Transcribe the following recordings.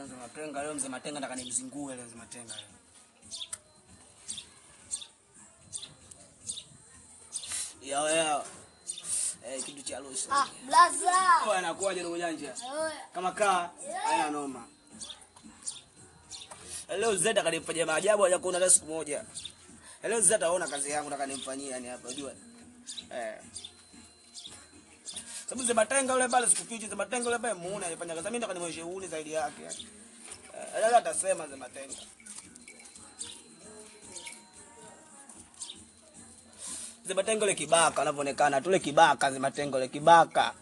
leo mzee Matenga, leo mzee Matenga nataka nimzingue leo mzee Matenga leo. Yao yao. Eh, kitu cha harusi. Ah, blaza. Kwa anakuja ndugu janja? Eh, Kama kaa eh. haya noma. Leo Zeta kanifanyia maajabu ya kuona leo siku moja. Leo Zeta ataona kazi yangu nataka nimfanyie yani hapa unajua. Eh sababu zile matenga yule pale siku sikufichi, zile matenga yule pale muone alifanya kazi, mimi ndo kanimweshe uni zaidi yake yani uh, eh, atasema zile matenga zile matenga yule kibaka anavyoonekana tule kibaka zile matenga yule kibaka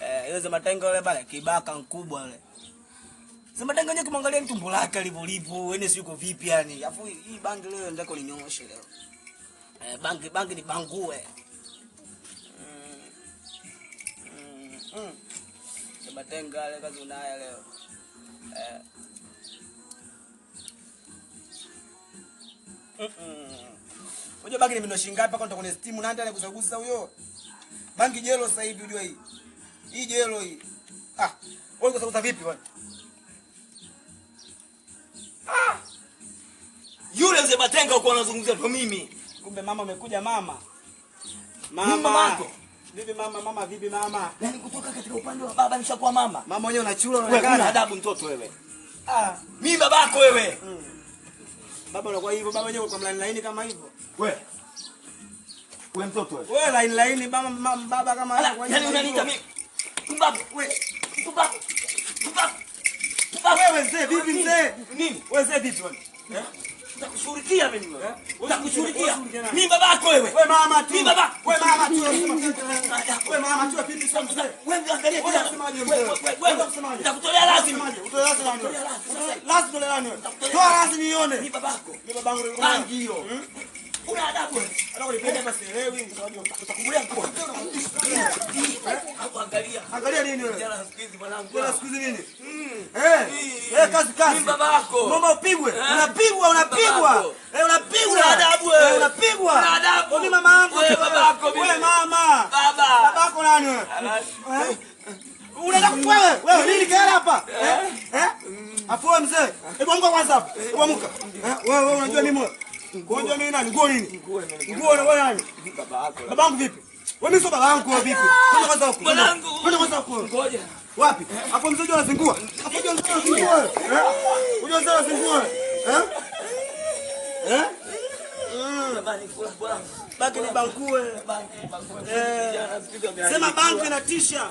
eh, yule zile matenga yule pale kibaka mkubwa yule Zimatenga nje kumwangalia tumbo lake alivolipo, yeye yaani si yuko vipi yani. Alafu hii bangi leo ndako ninyoshe leo. Eh, bangi bangi ni bangue. Mm. Sebatenga leo kazi unaya leo. Eh. Mm Unajua bagi nimeenda shilingi ngapi akaunta kwenye Steam na ndani kuzagusa huyo? Bangi jelo sasa hivi unajua hii. Hii jelo hii. Ah, wewe kuzagusa vipi bwana Ah! Yule mzee Batenga uko anazungumzia kwa mimi. Kumbe mama umekuja mama. Mama. Mama yako. Vipi mama, mama vipi mama? Yaani kutoka katika upande wa baba nishakuwa mama. Mama wewe unachula unaonekana. Wewe adabu mtoto wewe. Ah, mimi babako wewe. Mm. Baba unakuwa hivyo, baba wewe kwa mlaini laini kama hivyo. Wewe. Wewe mtoto wewe. Wewe laini laini mama, mama, baba kama hivyo. Yaani unaniita mimi. Mbaba wewe. Mbaba. Mbaba. Mbaba wewe mzee vipi mzee? Nini? Wewe mzee vipi wewe? Eh? Nitakushughulikia mimi wewe. Eh? Nitakushughulikia. Mimi babako wewe. Wewe mama tu. Mimi babako. nani wewe, lazima tule nani wewe, toa lazima nione. Ni babako, ni babangu, ndio hmm? una adabu eh, wewe, adabu ni pende basi. Wewe utakumbulia mkono, angalia angalia nini wewe, jana siku hizi mwanangu, jana siku hizi nini hmm. eh eh, kazi kazi, ni babako, mama upigwe, unapigwa unapigwa, eh unapigwa, eh, una adabu eh, wewe, unapigwa, una adabu mimi, mama yangu wewe, babako wewe, mama baba, babako nani wewe, unaenda kwa wewe, wewe nini kera hapa eh Afu wewe mzee, hebu amka kwanza hapo. Hebu amka. Eh, wewe wewe unajua mimi wewe. Unajua mimi nani? Nguo nini? Nguo wewe nani? Baba yako. vipi? Wewe mimi sio baba wewe vipi? Kwenda kwanza huko. Kwenda kwanza huko. Ngoja. Wapi? Hapo mzee unazingua. Hapo unazingua. Unajua unazingua. Eh? banki ni bangue. Eh, sema banki na tisha.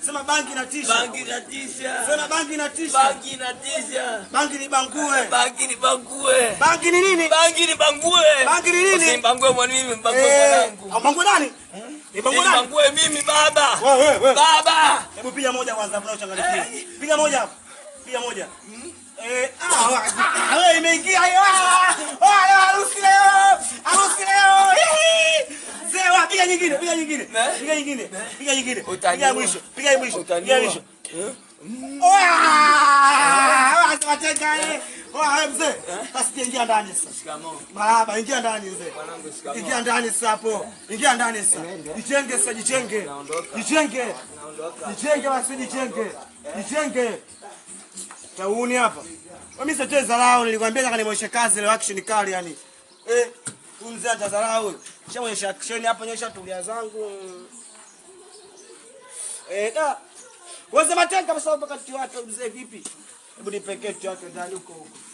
Sema banki na tisha. Banki na tisha. Sema banki na tisha. Banki na tisha. Banki ni bangue. Banki ni bangue. Banki ni nini? Banki ni bangue. Banki ni nini? Ni bangue mwana eh, mimi, bangue mwanangu. Bangue nani? Ni bangue nani? Bangue mimi baba. baba. Hebu piga moja kwanza hapo uchanganikie. Piga moja hapo. Piga moja. Hmm? Eh, ah, ah, ah, wewe imeingia hiyo. Ah, piga nyingine, piga nyingine, piga nyingine, piga mwisho, piga mwisho, piga mwisho. Hmm? Eh. Eh? ingia ndani basi, eh? Tauni hapa. Mimi nilikwambia kazi leo action kali yani. Eh, mzee atadharau Shaonyesha action hapo, nyesha tulia zangu. Eh, da. Wewe sema tena sababu mpaka watu mzee vipi? Hebu tu tiwato ndani huko huko.